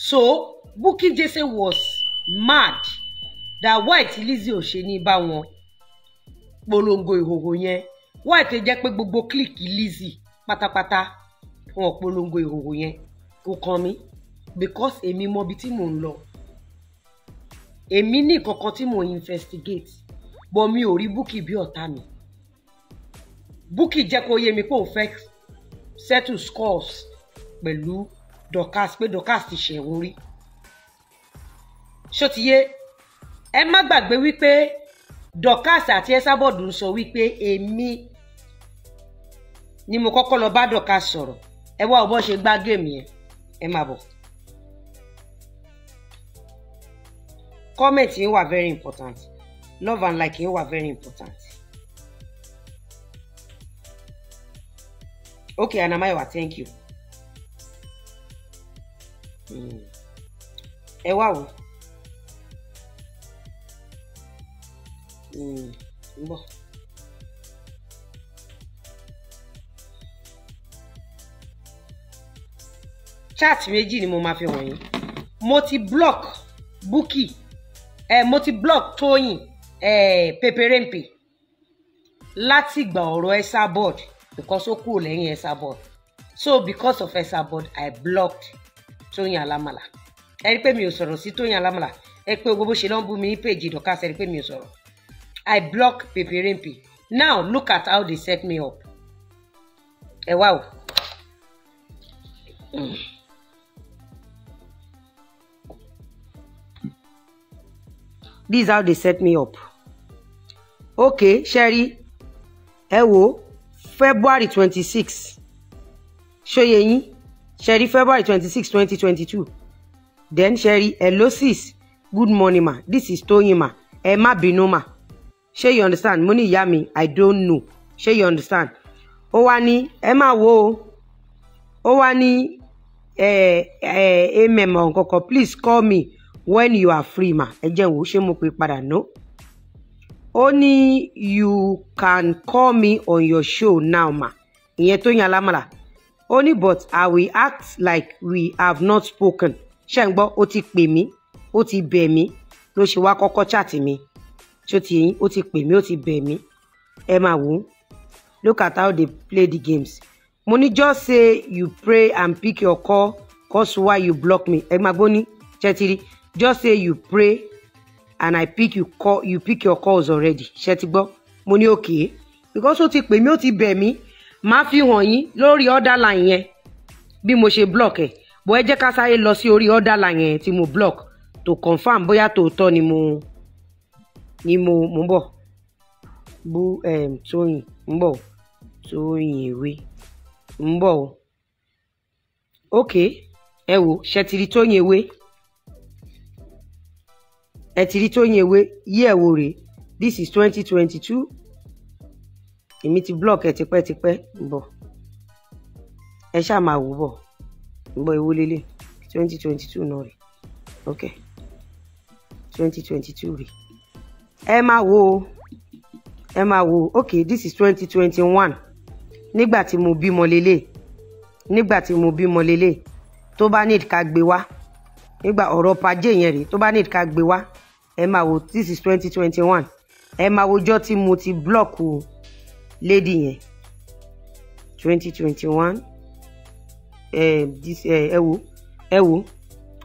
So Bukky Jesse was mad that why tí Lizzy ò ṣe ní bá wọn polongo ìhòhò yẹn why tó jẹ́ pé gbogbo clique Lizzy pátápátá wọn polongo ìhòhò yẹn kò kàn mí because èmi mọ ibi tí mò ń lọ èmi ní kankan tí mò investigate bọ́ mi ò rí Bukky bí ọ̀tá mi Bukky jẹ́ kó yé mi pé òun fẹ́ settle scores pẹ̀lú Dorcas pé Dorcas ti ṣẹ̀wọ̀n rí ṣòtìyé ẹ má gbàgbé wípé Dorcas àti Esabod ń sọ wípé èmi ni mo kọ́kọ́ lọ bá Dorcas sọ̀rọ̀ ẹ wá ọbọ̀ ṣe gbá géèmì yẹn ẹ má bọ̀. comment yẹn wà very important love and like yẹn wà very important. okay Anamayowa thank you ẹ wá wò hmm, ń bọ̀. chat méjì ni mo máa fi hàn yín mo ti block Bukky eh, mo ti block Tóyìn eh, Peperempe láti gba ọ̀rọ̀ Esabod because ó kúrò lẹ́yìn Esabod so because of Esabod I blocked Tóyìn Alámàlà ẹ rí pé mi ò sọ̀rọ̀ sí Tóyìn Alámàlà ẹ pé gbogbo ṣe ló bú mi ní péjì Dorkas ẹ rí pé mi ò sọ̀rọ̀ I block peperempe now look at how they set me up ẹ wá o. This is how they set me up. Okay, Sherry, ẹ wo February twenty six ṣóyẹ yín Sherry, February twenty six twenty twenty two then ṣẹ́rí elosis good morning ma this is Toyin ma ẹ má bínú you understand money ní I don't know Sherry, you understand ó Emma wo o eh eh. Emma ẹ please call me when you are free ma ẹ jẹ́ wo ṣé mo pè no Only you can call me on your show now ma ìyẹn Tóyin Alámàlà ó ní but i will act like we have not spoken ṣe ń gbọ́ ó ti pè mí ó ti bẹ̀ mí ló ṣe wá kọ́kọ́ chàtì mi tí ó ti yín ó ti pè mí ó ti bẹ̀ mí ẹ máa wò ó look at how they play the games mo ní just say you pray and pick your call cause why you block me ẹ máa gbọ́ ní ṣẹ́tìrí just say you pray and i pick you call you pick your calls already ṣẹ́tìgbọ́ mo ní okay because ó ti pè mí ó ti bẹ̀ mí màá fi hàn yín lórí order line yẹn bí mo ṣe block ẹ̀ bọ́ ẹ jẹ́ ká sáré lọ sí orí order line yẹn tí mo block tó confirm bóyá tòótọ́ ni mo ni mo mo bọ̀ bú um, tóyìn ń bọ̀ tóyìn ìwé ń bọ̀ o ok ẹ wò ṣe ti rí tóyìn ewé ẹ ti rí tóyìn ewé yí ẹ wò rèé this is twenty twenty two èmi ti block ẹ tipẹ́tipẹ́ bọ̀ ẹ ṣáà máa wò bọ̀ bọ̀ ewu lélẹ̀ twenty twenty two náà rè ok twenty twenty two rè ẹ máa wò ó ẹ máa wò ó ok this is twenty twenty one nígbà tí mo bímọ lélẹ̀ nígbà tí mo bímọ lélẹ̀ tó bá need ká gbé wá nígbà ọ̀rọ̀ pàjẹ́ yẹn rè tó bá need ká gbé wá ẹ máa wò this is twenty twenty one ẹ máa wòjọ́ tí mo ti block o lady yẹn twenty twenty one eh, eh, ẹ wo ẹ wo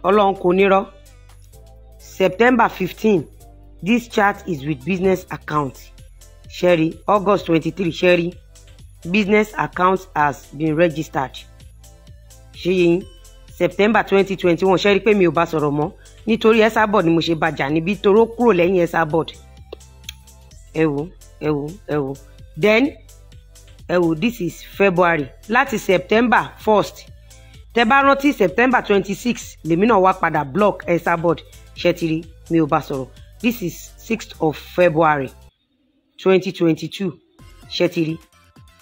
ọlọ́run kò nírọ́ september 15. this chat is with business account sherry august 23. sherry business account has been registered ṣeyin september 2021. sherry pé mi ò bá sọ̀rọ̀ mọ́ nítorí Esabod ni mo ṣe bàjá níbi toró kúrò lẹ́yìn Esabod ẹ wo ẹ wo ẹ wo then ẹ wò this is February láti September first tẹ bá rántí September twenty six lèmi náà wá padà block Esabod ṣẹtiri mi ò bá sọ̀rọ̀ this is sixth of February twenty twenty two ṣẹtiri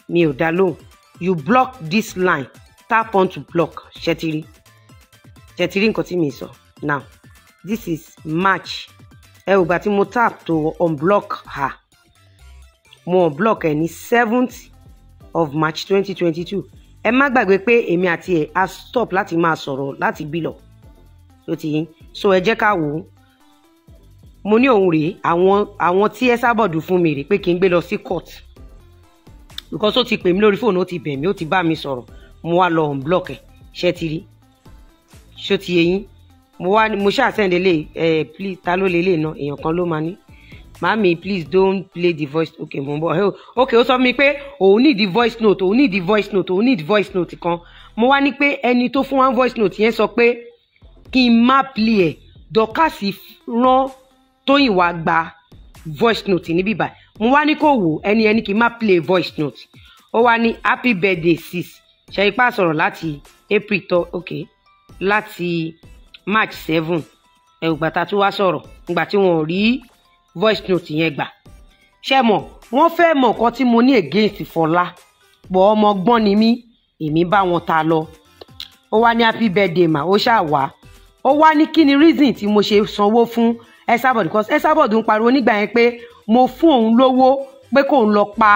mi ò dá lóhùn you block this line tap on to block ṣẹtiri ṣẹtiri nǹkan tí mi sọ now this is March ẹ ò gbà tí mo tap to unblock her wọn block ẹ̀ ní seventh of March twenty twenty two ẹ má gbàgbé pé èmi àti ẹ̀ á stop láti máa sọ̀rọ̀ láti bí lọ tó ti yín so ẹ jẹ́ ká wò ó mo ní òun rèé àwọn àwọn tí ẹ sábọ̀dù fún mi rèé pé kí n gbé lọ sí court because ó ti pè mí lórí fóònù ó ti bẹ̀ mí ó ti bá mi sọ̀rọ̀ mo wá lọ unblock ẹ̀ ṣe ti rí ṣó ti yẹ yín mo wá mo ṣàṣẹ́ǹde lè ẹ please ta ló lè lè ná èèyàn kan ló máa ní mami please don't play the voice okay mo ń okay ó sọ mi pé òun need the voice note òun need the voice note òun need the voice note kan mo wá ní pé ẹni tó fún wa voice note yẹn sọ pé kí n má play ẹ̀ dọ́kàsì rán tóyìn wá gba voice note níbí báyìí mo wá ní kò wò ẹni ẹni kí n má play voice note ó wá ní happy birthday sis ṣe ipá sọ̀rọ̀ láti april tó okay láti march seven ẹ̀rùgbà tá a tún wá sọ̀rọ̀ ìgbà tí wọ́n rí voice note yẹn gbà ṣe mọ̀ wọ́n fẹ́ mọ̀ nǹkan tí mo ní against Fọlá pọ̀ ọmọ gbọ́n ni mí èmi bá wọn ta lọ ó wá ní happy birthday mà ó ṣáà wá ó wá ní kí ni reason tí mo ṣe sanwó fún Esabod because Esabod ń pariwo nígbà yẹn pé mo fún òun lówó pé kóun lọ pa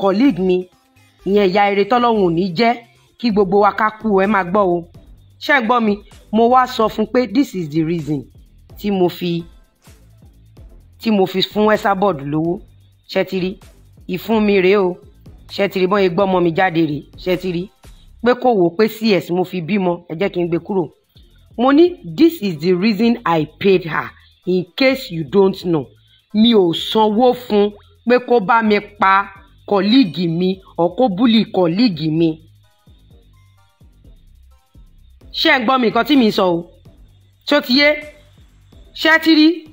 colleague mi ìyẹn ìyá eré tọ́lọ́hún ò ní jẹ́ kí gbogbo wa ká kú ẹ máa gbọ́ o ṣé ń mi mo wá sọ fún pé this is the reason tí mo fi tí mo fi fún Esabod lówó ṣẹ́tìrí ìfún mi rèé o ṣẹ́tìrí bọ́n egbọ́ ọmọ mi jáde rèé ṣẹ́tìrí pé kò wò pé cs mo fi bímọ ẹ jẹ́ kí n gbé kúrò mo ní this is the reason I paid her in case you don't know mi ò sanwó fún pé kó bá mi pa kọ́líìgì mi ọ̀ kó búlì kọ́líìgì mi ṣé ẹ gbọ́ mi nǹkan tí mi sọ o tí ti yé ṣẹ́tìrí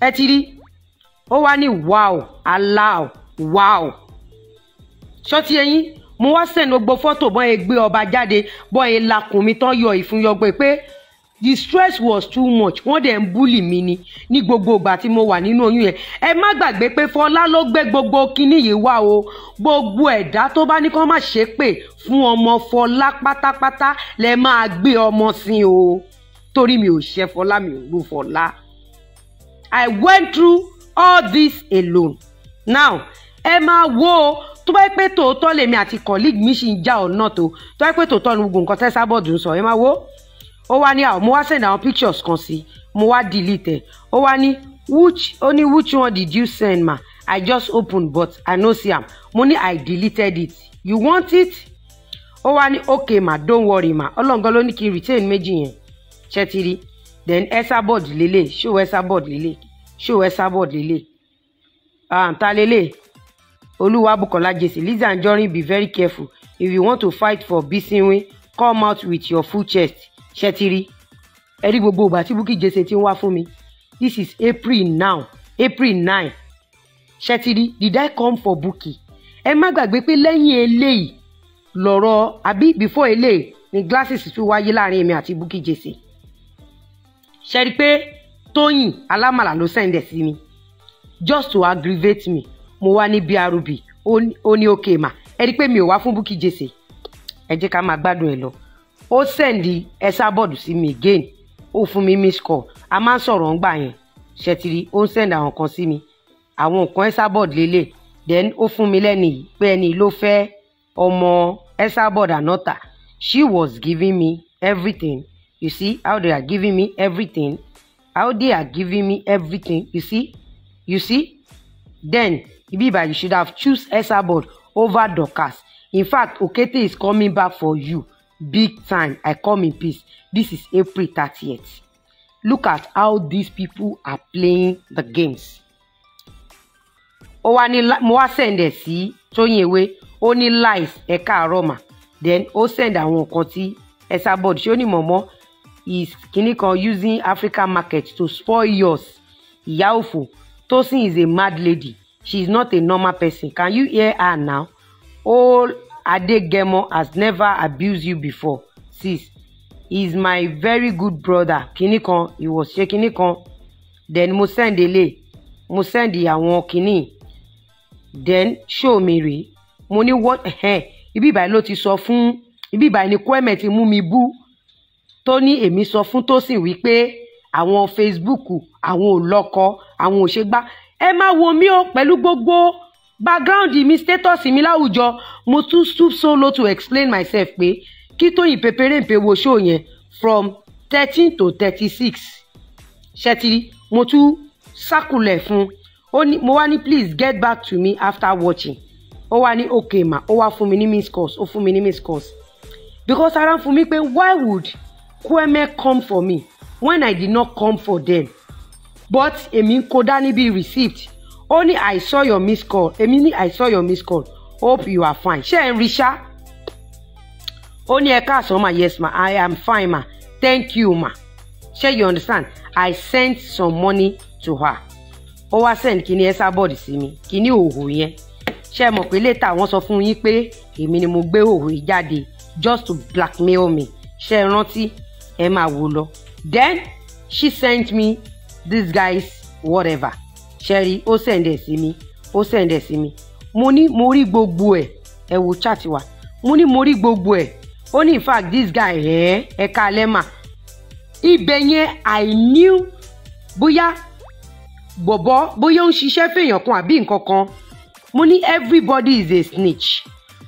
ẹ ti rí ó wá ní wow allah wow ṣọ́tí ẹyin mo wá sẹ́ni gbogbo fọ́tò bọ́ ẹ gbé ọba jáde bọ́ ẹ lakùn mi tán yọ ìfúnyọgbẹ́ pé the stress was too much wọ́n dẹ̀ ń búlì mi ni ní gbogbo ìgbà tí mo wà nínú oyún yẹn ẹ má gbàgbé pé fọlá ló gbé gbogbo kinní yìí wá o gbogbo ẹ̀dá tó bá ní kó má ṣe pè fún ọmọ fọlá pátápátá lẹ máa gbé ọmọ sin o torí mi ò ṣe fọlá mi ò rú fọlá. I went through all this alone. Now ẹ máa wo tó bá yẹ pé tòótọ́ lèmi àti colleague mi ṣì ń já ọ̀nà tó tó bá yẹ pé tòótọ́ ni gbogbo nǹkan tẹ́sà ń sọ ẹ máa wo ó wá ní àwọn mo wá send àwọn pictures kan sí mo wá delete ẹ ó wá ní which ó ní which one did you send ma I just opened but I no see am mo ní I deleted it you want it ó wá ní okay ma don't worry ma ọlọ́ngàn ló ní kí n retain méjì yẹn ṣẹ́tìrí then ẹ́sà bọ́ọ̀dù lélẹ̀ ṣó ẹ́sà bọ́ọ̀dù lélẹ̀ show esabod lele àǹtá lele olúwàbùkọ́lá jesse and Anjorin be very careful if you want to fight for Bísínwín come out with your full chest ṣẹtiri ẹ rí gbogbo ìgbà tí Bukky Jesse ti ń wá fún mi this is April now April nine ṣẹtiri did I come for Bukky ẹ má gbàgbé pé lẹ́yìn eléyìí lọ́rọ̀ àbí before eléyìí ni glasses tún wáyé láàrin èmi àti Bukky Jesse ṣe rí i pé tóyìn alámàlà ló sẹ́ndẹ̀ sí mi just to aggravate me mo wá ní brb ó ní òkè mà ẹ rí i pé mi ò wá fún Bukky Jesse ẹ jẹ́ ká máa gbádùn ẹ lọ ó sẹ́ndì ẹ̀sà bọ́ọ̀dù sí mi again ó fún mi miss call a máa ń sọ̀rọ̀ ńgbà yẹn ṣètìrí ó ń sẹ́ndì àwọn kan sí mi àwọn nǹkan ẹ̀sà bọ́ọ̀dù lélẹ̀ then ó fún mi lẹ́nu yìí pé ẹni ló fẹ́ ọmọ ẹ̀sà bọ́ọ̀dù ànọ́tà she was giving me everything you see how they are giving me everything how they are giving me everything you see you see then Ibiba you should have choose Esabod over Dorcas in fact Okete is coming back for you big time I come in peace this is April 30th look at how these people are playing the games ó wá ní mo wá sẹ̀ǹdẹ̀ sí tóyìn ewé ó ní lies ẹ̀ka àrọ́mà then ó sẹ̀ǹdẹ̀ àwọn nǹkan tí Esabod ṣé ó ní mọ̀mọ́ is kinní kan using African market to spoil yours ìyá Tosin is a mad lady she is not a normal person can you hear her now old Adegemo has never abused you before sis he is my very good brother kinní kan he was ṣe kinní kan then mo send ele mo send àwọn kinní then show me re mo ní what ibi ìbàyí ló ti sọ fún ibi ìbàyí ni kweme ti mú mi bú tó ní èmi sọ fún Tósìn wípé àwọn Facebook àwọn ò lọ́kọ àwọn ò ṣe gbá ẹ máa wo mí o pẹ̀lú gbogbo background mi status mi láwùjọ mo tún stoop so to explain myself pé kí Tóyìn pépéré ń wo show yẹn from thirteen to thirty-six ṣẹ́tìrí mo tún sákùlẹ̀ fún un mo wá ní please get back to me after watching ó wá ní okay ma ó wá fún mi ní miss calls ó fún mi ní miss calls because ara ń fún mi pé why would kweme come for me when i did not come for them but èmi ń kó be received. Only i saw your missed call èmi ní i saw your missed call hope you are fine ṣé ẹ ń rí ṣá ó ẹ káàsán ma yes ma i am fine ma thank you ma ṣé you understand i sent some money to her ó wá send kíní ẹ sábọ̀dì sí mi kíní òhò yẹn ṣé ẹ mọ̀ pé later wọ́n sọ fún yín pé èmi ni mo gbé òhò yìí jáde just to blackmail me ṣé ẹ rántí ẹ máa wò lọ then she sent me this guy's whatever ṣẹ́rí ó sẹ̀ǹdẹ̀ sí mi ó sẹ̀ǹdẹ̀ sí mi mo ní mo rí gbogbo ẹ̀ ẹ wo chat wa mo ní mo rí gbogbo ẹ̀ ó ní in fact this guy ẹ̀ ẹ̀ ká lẹ́mà ibẹ̀ yẹn i knew bóyá bọ̀bọ̀ bóyá ó ń ṣiṣẹ́ fèèyàn kan àbí nǹkan kan mo ní everybody is a snitch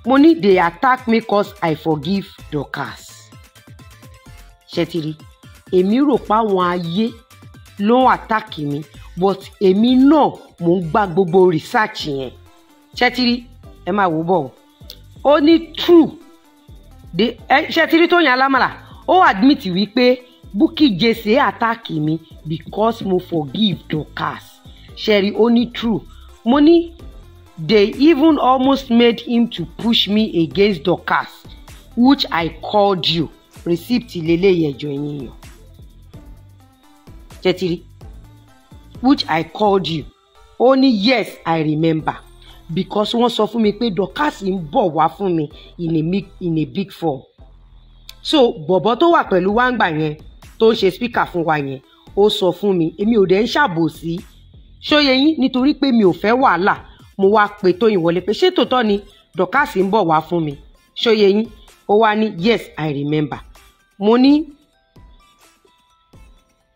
mo ní they attack me cause i forgive Dorcas ṣẹ́tìrí èmi rò páwọn ayé ló ń àtàkì mi but èmi náà mò ń gba gbogbo research yẹn ṣẹ́tìrí ẹ máa wò bọ̀ ó ní true ṣẹ́tìrí tó yan alámàlà ó admit wípé Bukky Jesse àtàkì mi because mo forgive Dorkas ṣẹ́rí ó ní true Money, ní they even almost made him to push me against Dorkas which I called you receipt leléyìí ẹjọ ẹ̀yin èèyàn tẹtiri which i called you ó ní yes i remember because wọ́n sọ fún mi pé Dorcas ń bọ̀ wá fún mi in a, big, in a big form so bọ̀bọ̀ tó wà pẹ̀lú wáǹgbà yẹn tó ń ṣe speaker fún wa yẹn ó sọ fún mi èmi ò dẹ̀ ń ṣàbòsí ṣóye yín nítorí pé mi ò fẹ́ wàhálà mo wá pe Tóyìn wọlé pé ṣé tòótọ́ ni Dorcas ń bọ̀ wá fún mi ṣóye ó wá ní yes i remember mo ní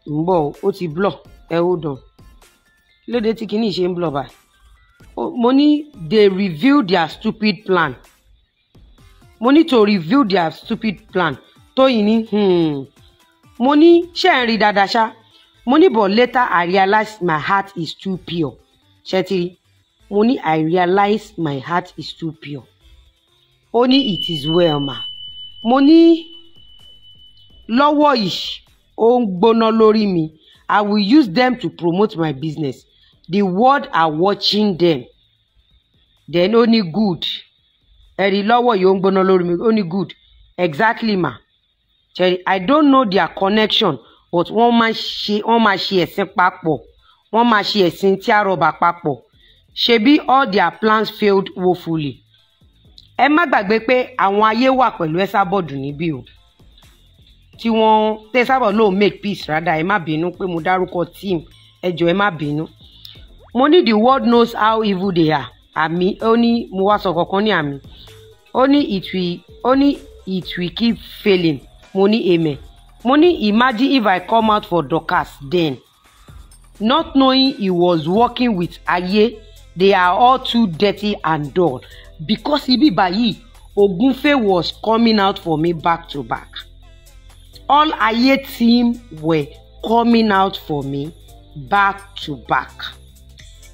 ń bọ̀ ó ti blọ̀ ẹ hold on lédè tí kinní ṣe ń blọ̀ báyìí mo ní they reveal their stupid plan mo ní to reveal their stupid plan tóyìn ní hmm. mo ní ṣé ẹ̀ ń rí dáadáa ṣá mo ní but later I realize my heart is too pure ṣé ti rí mo ní I realize my heart is too pure ó ní it is well ma mo ní lọ́wọ́ yìí ó ń gbóná lórí mi I will use them to promote my business the world are watching them then only good ẹ̀rí lọ́wọ́ yìí ó ń gbóná lórí mi ó good exactly ma ṣẹ̀rí I don't know their connection but wọ́n máa ṣe wọ́n máa ṣe ẹ̀sìn papọ̀ wọ́n máa ṣe ẹ̀sìn tí a rọ̀bà papọ̀ ṣebí all their plans failed woefully ẹ má gbàgbé pé àwọn ayé wà pẹ̀lú Esabod níbí o tí wọ́n tẹ́ sábà lò make peace rather ẹ má bínú pé mo dárúkọ team ẹ jọ̀ọ́ ẹ má bínú. mo ní the world knows how evil they are àmì ó ní mo wá sọ kankan ní àmì ó ní it will ó ní it will keep failing mo ní amen mo ní imagine if I come out for Dorcas then not knowing he was working with aye they are all too dirty and dull because ibi báyìí Ogunfe was coming out for me back to back all Aye team were coming out for me back to back.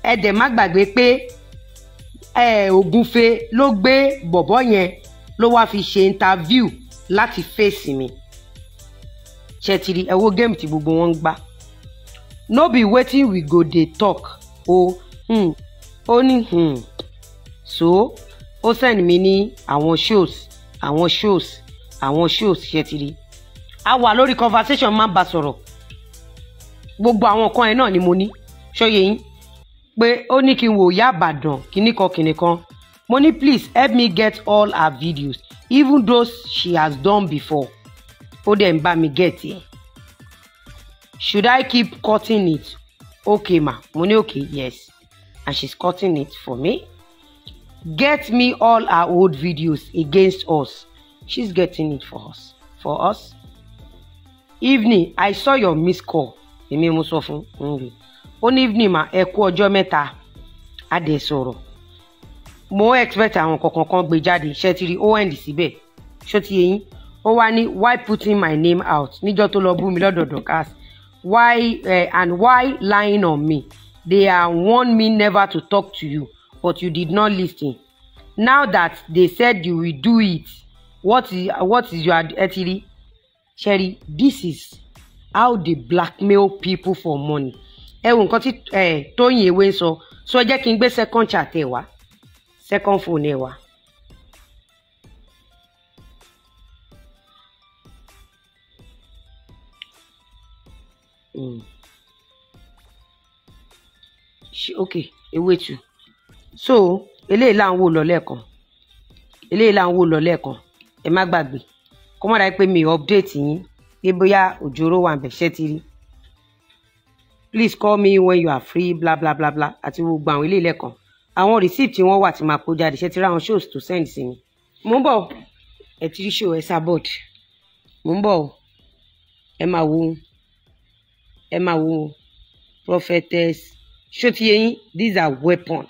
ẹ dẹ̀ má gbàgbé pé ẹ ògúnfe ló gbé bọ̀bọ́ yẹn ló wáá fi ṣe interview láti fèsì mi ṣètìrì ẹ wo géèmù tí gbogbo wọn ń gbá no be wetin we go dey talk o um, ó ní um, so ó send mi ní àwọn shows àwọn shows àwọn shows ṣètìrì a wà lórí conversation máa bá sọ̀rọ̀ gbogbo àwọn nǹkan ẹ̀ náà ni mo ní ṣóye yín pé ó ní kí n wò ìyá àbàdàn kìíní kan kìíní kan mo ní please help me get all her videos even those she has done before ó dẹ̀ ń bá mi get ẹ̀ should I keep cutting it okay ma mo ní okay yes and she's cutting it for me get me all her old videos against us she's getting it for us for us evening i saw your missed call èmi mo sọ fún un ó ní evening ma ẹ kú ọjọ́ mẹ́ta a dẹ̀ sọ̀rọ̀ mo expect àwọn kankan kan gbé jáde ṣe ti rí ó end síbẹ̀ ṣó ti yẹn ó wá ní why putting my name out níjọ́ tó lọ bú mi lọ́dọ̀ Dorkas why uh, and why lying on me they are warn me never to talk to you but you did not listen now that they said you will do it what is what is your ẹ ti rí ṣẹ́rí this is how they blackmail people for money ẹ wo nǹkan tí tóyìn ewé ń sọ sọ jẹ́ kí n gbé second chat ẹ̀ wá second phone ẹ̀ wá. Hmm. ok ewé tu so eléyìí là ń wò lọ lẹ́ẹ̀kan eléyìí là ń wò lọ lẹ́ẹ̀kan ẹ má gbàgbé kó mọ̀ dájú pé mi ò update yín pé bóyá òjòrò wà bẹ̀ ti rí please call me when you are free bla bla bla bla àti gbogbo àwọn ilé ìlẹ́kọ̀ọ́ àwọn receipt tí wọ́n wà tí máa kó jáde ṣẹ́ ti rí shows tó send sí mi mò ń bọ̀ ẹ ti rí show ẹ sábọ̀d mò ń bọ̀ ẹ máa wo ẹ máa wo prophetess ṣó ti yé these are weapons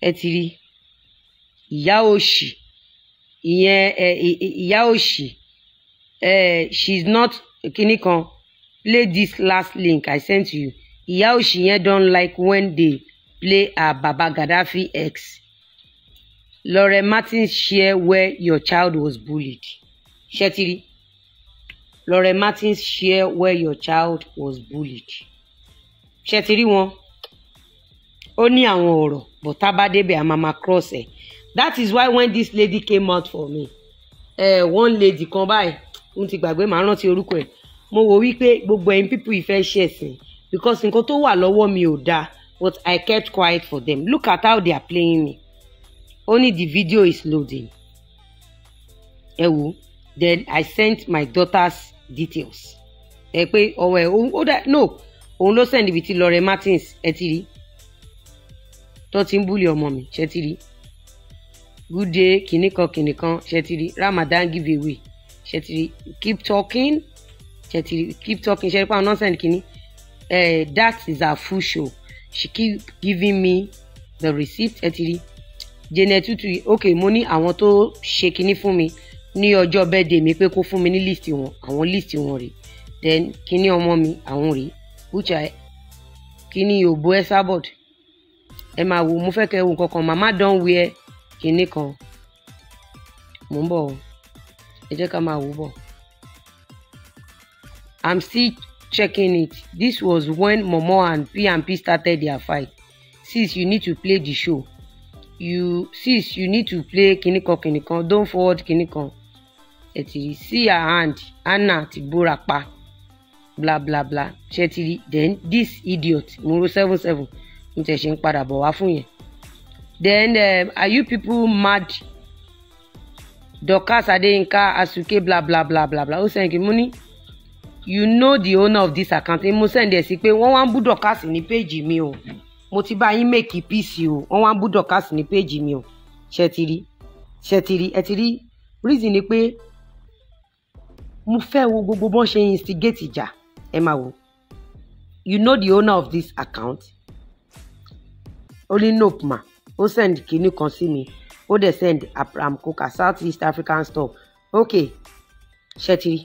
ẹ ti rí ìyá òṣì ìyẹn ìyá òṣì she's not kinní kan play this last link i sent you ìyá òṣì yẹn don like when they play her baba gaddafi X. lore martin share where your child was bullied ṣẹtiri lore martin share where your child was bullied ṣẹtiri wọn ó ní àwọn ọ̀rọ̀ bọ̀tá bá débẹ̀ àmàmà cross ẹ̀. Eh that is why when this lady came out for me uh, one lady kan báyìí n ti gbàgbé màá rántí orúkọ ẹ̀ mo wò wípé gbogbo ẹ̀yin people ìfẹ́ ṣe ẹ̀sìn because nǹkan tó wà lọ́wọ́ mi ò dáa but I kept quiet for them look at how they are playing me only the video is loading ẹ wo? then I sent my daughter's details ẹ pé ọwọ́ ẹ ó dá no òun ló send ibi tí Lorraine Martins ẹ ti rí tó ti ń búlì ọmọ mi ṣe ti rí good day kìnìkan kìnìkan ṣètìrí Ramadan give away ṣètìrí keep talking ṣètìrí keep talking ṣètìrí pa nonsense Kini. eh, that is her full show she keep giving me the receipt ṣètìrí jẹnẹ tutu ok mo ní àwọn tó ṣe kìíní fún mi ní ọjọ́ birthday mi pé kó fún mi ní list wọn àwọn list wọn rèé then kìíní ọmọ mi àwọn rèé which i kìíní òbó ẹ sábọ̀d ẹ máa wò mo fẹ́ kẹ́ ẹ wò nǹkan kan mama don wear kinní kan mò ń bọ̀ o ẹ jẹ́ ká máa wò bọ̀ i'm still checking it this was when momo and pmp started their fight sis you need to play the show you sis you need to play kinní kan kinní kan don't forward kinní kan ẹ ti rí see her hand anna ti bóra pa bla bla bla ṣe ti rí then this idiot mo ro seven seven mo tẹ̀ ṣe ń padà bọ̀ wá fún yẹn Then um, are you people mad? Dorcas Adeyinka Asuke bla bla bla bla bla. Ó sẹ́yìn kí mo ní you know the owner of this account. Mo sẹ́yìn dẹ̀ sí pé wọ́n wá ń bú Dorcas ní péjì mi o. Mo ti bá yín make peace o. Wọ́n wá ń bú Dorcas ní péjì mi o. Ṣé ti rí? Ṣé ti rí? Ẹ ti rí? Reason ni pé mo fẹ́ wo gbogbo bọ́n ṣe instigate ìjà ẹ máa wo you know the owner of this account only nope ma ó send kinní kan sí mi ó dẹ̀ send Abraham Coker South East African store ok ṣẹ́tiri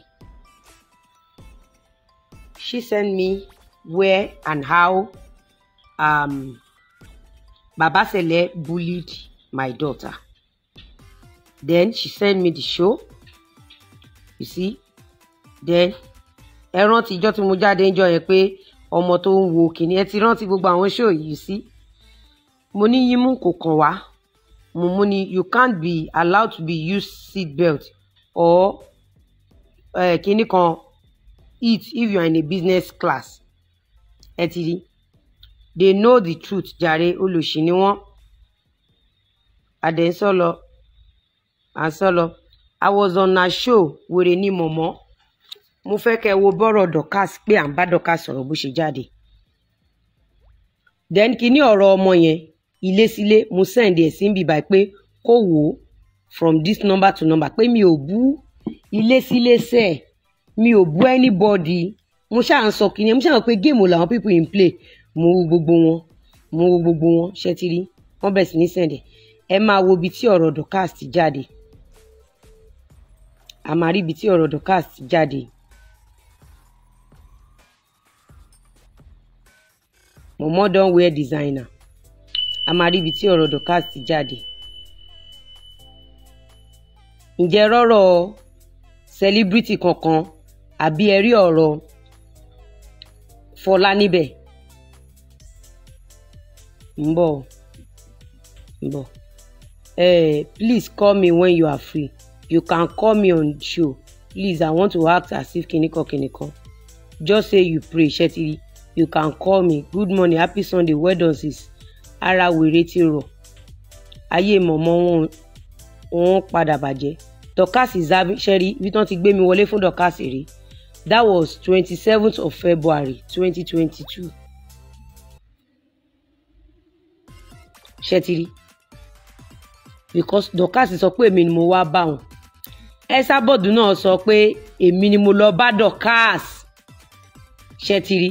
she send me where and how um, Babasele bullied my daughter. Then she send me the show. You see? Then ẹ rántí ijọ́ tí mo jáde ń jọ yẹn pé ọmọ tó ń wo kìnìún ẹ ti rántí gbogbo àwọn show yìí you see? mo ní yímú kò kàn wá mumu ni you can't be allowed to be use seat belt or uh, kinní kan eat if you are in a business class ẹ ti rí they know the truth jàre olùsí ni wọ́n àdẹ́sọ́lọ àsọlọ I was on a show wèrè ni mọ̀mọ́ mo fẹ́ kẹ́ wo bọ́rọ̀ Dorkas pé à ń bá Dorkas sọ̀rọ̀ bó ṣe jáde then kinní ọ̀rọ̀ ọmọ yẹn ilé sílé mo send ẹ̀ sí ń bì báyìí pé kó wò ó from this number to number pé mi ò bú ilé sílé sẹ̀ mi ò bú anybody mo ṣáà ń sọ kìnìún mo ṣáà ń pé géèmù làwọn people in play mo wo gbogbo wọn mo wo gbogbo wọn ṣe ti rí wọn bẹ̀ sí ní send ẹ̀ ẹ máa wo ibi tí ọ̀rọ̀ dọ̀kast jáde a máa rí ibi tí ọ̀rọ̀ dọ̀kast jáde. Momo don wear designer a máa rí ibi tí ọ̀rọ̀ Dorcas ti jáde ǹjẹ́ rọ́rọ̀ sẹ́líbírìtì kankan àbí ẹ rí ọ̀rọ̀ Fọlá níbẹ̀ ń bọ̀ eh, please call me when you are free you can call me on show please i want to act as if kinikan kinikan just say you pray shetiri you can call me good morning happy sunday well done sis ara wèrè ti rọ̀ ayé mọ̀mọ́ wọn wọn padà bàjẹ́ dọ́kàsì zabisẹ́rí ibi tán ti gbé mi wọlé fún dọ́kàsì rí that was twenty seventh of february twenty twenty two ṣẹ́tìrí because dọ́kàsì sọ pé èmi ni mo wá bá wọn ẹ̀sà bọ́ọ̀dù náà sọ pé èmi ni mo lọ bá dọ́kàsì ṣẹ́tìrí